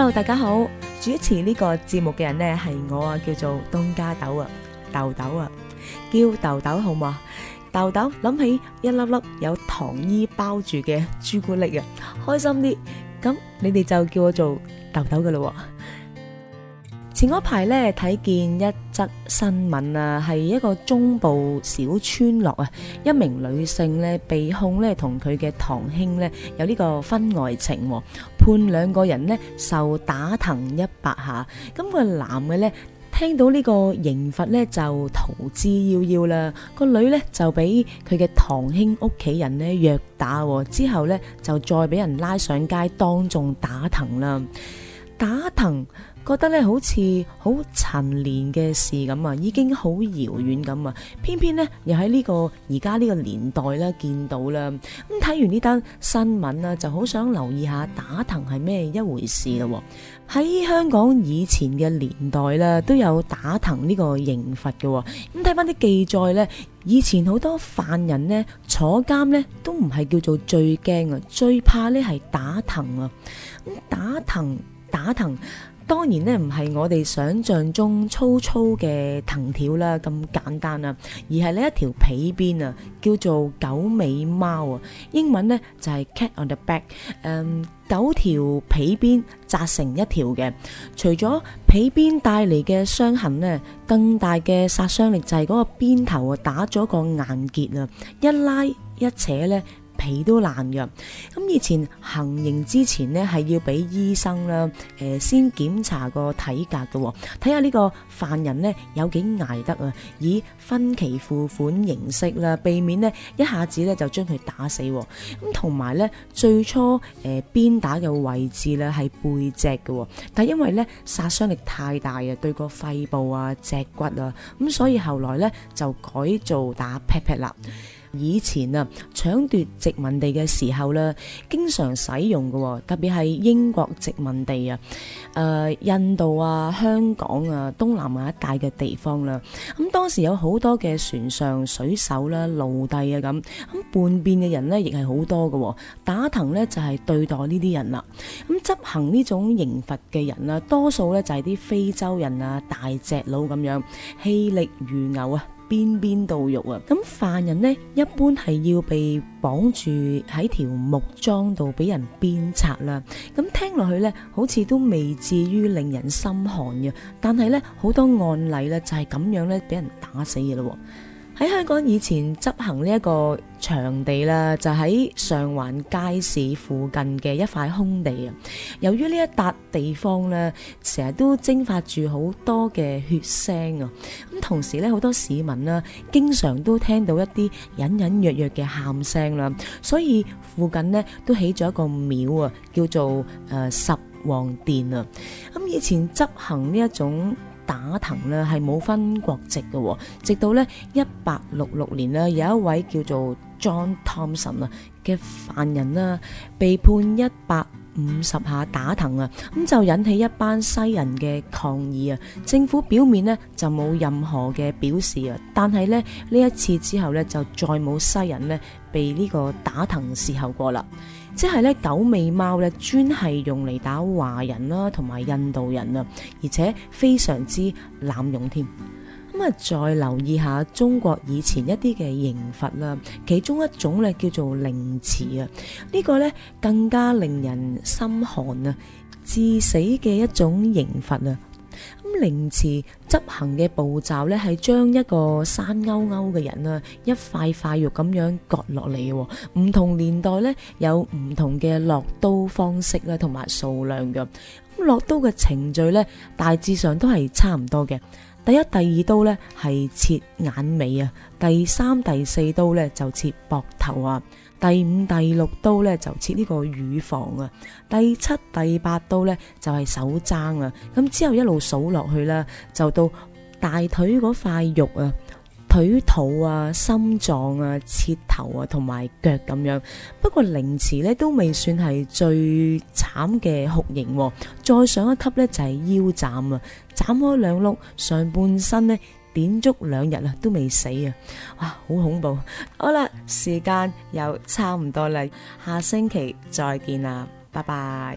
hello，大家好，主持呢個節目嘅人呢係我啊，叫做東加豆啊，豆豆啊，叫豆豆好唔好啊？豆豆諗起一粒粒有糖衣包住嘅朱古力啊，開心啲，咁你哋就叫我做豆豆㗎喇。前嗰排呢睇見一則新聞啊，係一個中部小村落啊，一名女性呢被控呢同佢嘅堂兄呢有呢個婚外情。判兩個人呢受打藤一百下，咁個男嘅呢，聽到呢個刑罰呢，就逃之夭夭啦，個女呢，就俾佢嘅堂兄屋企人呢虐打，之後呢，就再俾人拉上街當眾打藤啦，打藤。覺得咧好似好陳年嘅事咁啊，已經好遙遠咁啊。偏偏呢，又喺呢個而家呢個年代咧見到啦。咁睇完呢單新聞啊，就好想留意下打藤係咩一回事咯喎。喺香港以前嘅年代咧，都有打藤呢個刑罰嘅喎。咁睇翻啲記載呢，以前好多犯人呢坐監呢，都唔係叫做最驚啊，最怕呢係打藤啊。咁打藤，打藤。當然呢，唔係我哋想象中粗粗嘅藤條啦咁簡單啊，而係呢一條皮鞭啊，叫做九尾貓啊，英文呢，就係 cat on the back，嗯、九條皮鞭紮成一條嘅。除咗皮鞭帶嚟嘅傷痕呢，更大嘅殺傷力就係嗰個鞭頭啊，打咗個硬結啊，一拉一扯呢。皮都爛嘅，咁以前行刑之前呢，係要俾醫生啦，誒、呃、先檢查個體格嘅、哦，睇下呢個犯人呢，有幾捱得啊，以分期付款形式啦，避免呢一下子呢就將佢打死、哦。咁同埋呢，最初誒鞭、呃、打嘅位置呢係背脊嘅、哦，但係因為呢，殺傷力太大啊，對個肺部啊、脊骨啊，咁所以後來呢，就改做打 pat pat 啦。以前啊，搶奪殖民地嘅時候呢，經常使用嘅、哦，特別係英國殖民地啊，誒、呃、印度啊、香港啊、東南亞一帶嘅地方啦、啊。咁當時有好多嘅船上水手啦、啊、奴隸啊咁，咁叛變嘅人呢亦係好多嘅、哦，打藤呢就係、是、對待呢啲人啦、啊。咁執行呢種刑罰嘅人啦、啊，多數呢就係啲非洲人啊、大隻佬咁樣，氣力如牛啊！邊邊度肉啊！咁犯人呢，一般係要被綁住喺條木樁度俾人鞭策啦。咁聽落去呢，好似都未至於令人心寒嘅，但係呢，好多案例呢，就係咁樣呢，俾人打死嘅咯。喺香港以前執行呢一個場地啦，就喺、是、上環街市附近嘅一塊空地啊。由於呢一笪地方咧，成日都蒸發住好多嘅血腥啊，咁同時咧，好多市民呢，經常都聽到一啲隱隱約約嘅喊聲啦，所以附近呢，都起咗一個廟啊，叫做誒、呃、十王殿啊。咁以前執行呢一種。打藤呢係冇分國籍嘅，直到呢，一八六六年呢，有一位叫做 John Thompson 啊嘅犯人啦，被判一百五十下打藤啊，咁就引起一班西人嘅抗議啊。政府表面呢就冇任何嘅表示啊，但係呢，呢一次之後呢，就再冇西人呢被呢個打藤伺候過啦。即係咧，九尾貓咧，專係用嚟打華人啦，同埋印度人啊，而且非常之濫用添。咁啊，再留意下中國以前一啲嘅刑罰啦，其中一種咧叫做凌遲啊，呢個咧更加令人心寒啊，致死嘅一種刑罰啊。咁凌遲執行嘅步驟咧，係將一個生勾勾嘅人啊，一塊塊肉咁樣割落嚟嘅。唔同年代咧，有唔同嘅落刀方式啦，同埋數量嘅。咁落刀嘅程序咧，大致上都係差唔多嘅。第一、第二刀呢係切眼尾啊，第三、第四刀呢就切膊頭啊，第五、第六刀呢就切呢個乳房啊，第七、第八刀呢就係、是、手踭啊，咁之後一路數落去啦，就到大腿嗰塊肉啊。腿肚啊、心臟啊、切頭啊，同埋腳咁樣。不過凌遲呢都未算係最慘嘅酷刑，再上一級呢，就係腰斬啊！斬開兩碌，上半身呢點足兩日啊都未死啊！哇，好恐怖！好啦，時間又差唔多啦，下星期再見啦，拜拜。